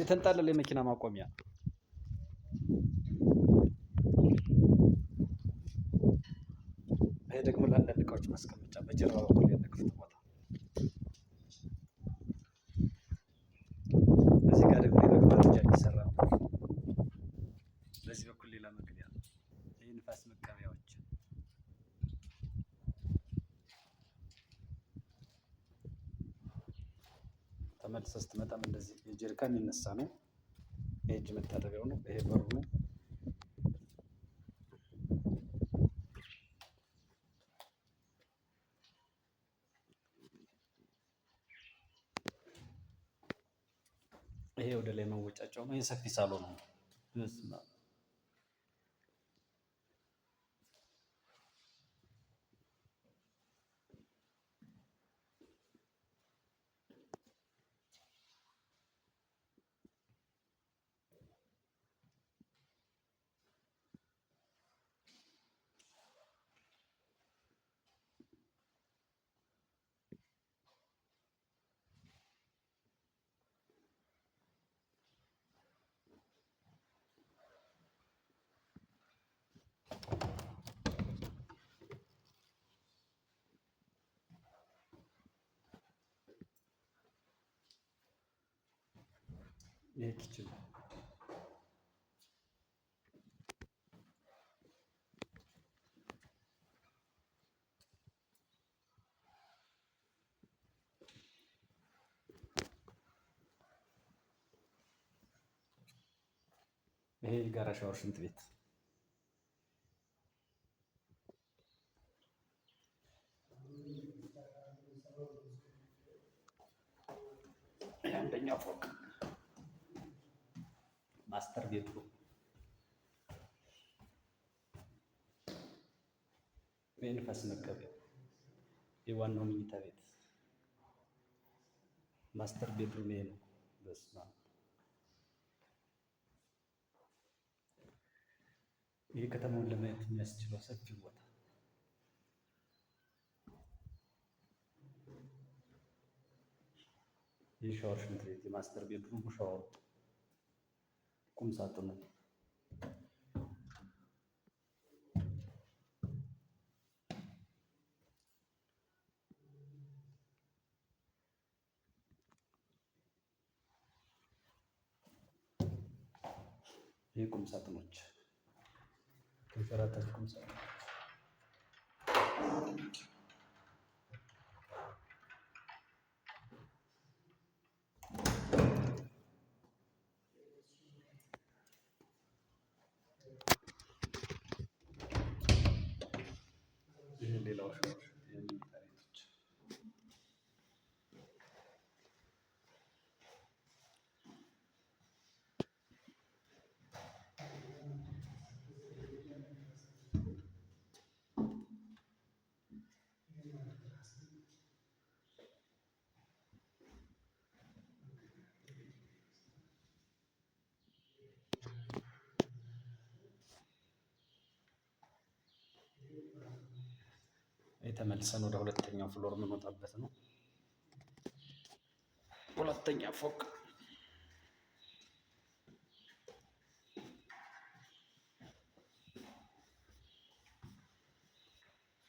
የተንጣለለ የመኪና ማቆሚያ ይሄ ደግሞ ለአንዳንድ እቃዎች ማስቀመጫ በጀርባ በኩል ያለ ክፍት ቦታ ተመልሰ ስትመጣም እንደዚህ የጀሪካን የሚነሳ ነው። የእጅ መታጠቢያው ነው። ይሄ በሩ ነው። ይሄ ወደ ላይ መወጫጫው ነው። ይሄ የሰፊ ሳሎን ነው። ሊሄድ ይችላል። ይሄ የጋራ ሻወር ሽንት ቤት አንደኛ ፎቅ ಮಾಸ್ತರ್ ಬೇಕು መንፈስ መቀበያ የዋናው መኝታ ቤት ማስተር ቤድሩም ይሄ ነው። በስመ አብ ይህ ከተማውን ለማየት የሚያስችለው ሰፊ ቦታ ይህ ሽንት ቤት የማስተር ቤድሩም ሻወር ቁም ሳጥኑ የቁም ሳጥኖች ቁም ሳጥኖች የተመልሰን ወደ ሁለተኛው ፍሎር የምንወጣበት ነው። ሁለተኛ ፎቅ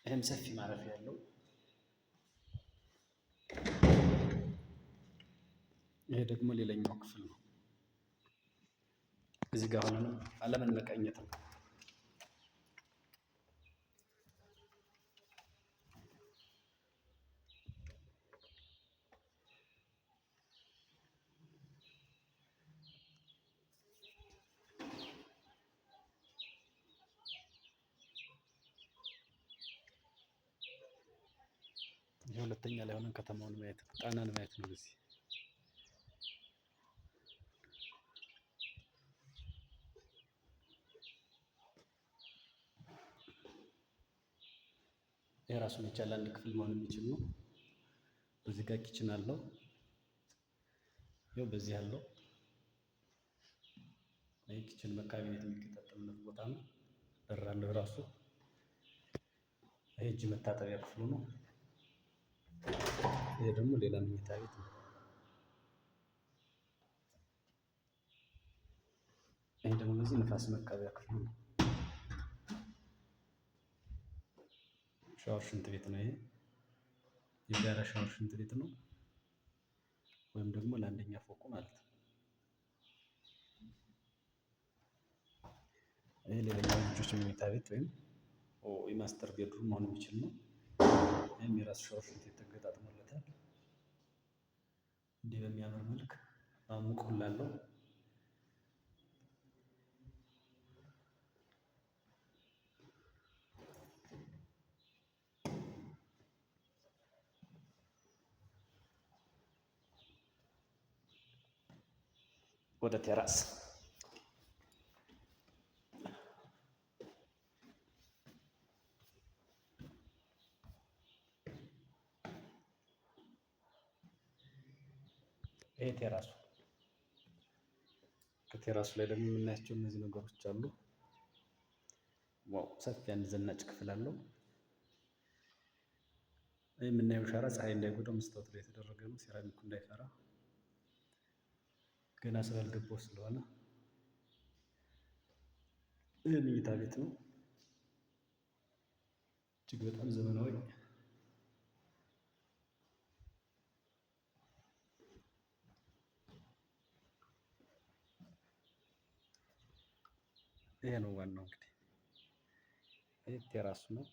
ይህም ሰፊ ማረፊያ ያለው ይሄ ደግሞ ሌላኛው ክፍል ነው። እዚህ ጋር ሆነንም አለምን መቃኘት ነው። ሁለተኛ ላይ ሆነን ከተማውን ማየት ነው፣ ጣናን ማየት ነው። በዚህ የራሱን የቻለ አንድ ክፍል መሆን የሚችል ነው። በዚህ ጋር ኪችን አለው። ይኸው በዚህ አለው። ይህ ኪችን በካቢኔት የሚገጣጠምለት ቦታ ነው። በር አለው የራሱ። ይህ እጅ መታጠቢያ ክፍሉ ነው። ይሄ ደግሞ ሌላ መኝታ ቤት ነው። ይሄ ደግሞ እዚህ ንፋስ መቀበያ ክፍል ነው። ሻወር ሽንት ቤት ነው። ይሄ የጋራ ሻወር ሽንት ቤት ነው፣ ወይም ደግሞ ለአንደኛ ፎቁ ማለት ነው። ይሄ ሌላኛው ልጆች መኝታ ቤት ወይም የማስተር ቤድሩም መሆን የሚችል ነው። ይህም የራሱ ሻወር ሽንት ቤት እንዲህ በሚያምር መልክ አሙቁላለሁ። ወደ ቴራስ ይሄ ቴራሱ ከቴራሱ ላይ ደግሞ የምናያቸው እነዚህ ነገሮች አሉ። ዋው ሰፊ አንድ ዘናጭ ክፍል አለው። ይህ የምናየው ሸራ ፀሐይ እንዳይጎዳው መስታወት ላይ የተደረገ ነው። ሴራሚኩ እንዳይፈራ ገና ስላልገባው ስለሆነ ይህ መኝታ ቤት ነው። እጅግ በጣም ዘመናዊ ይሄ ነው ዋናው። እንግዲህ ቤት የራሱ ነው።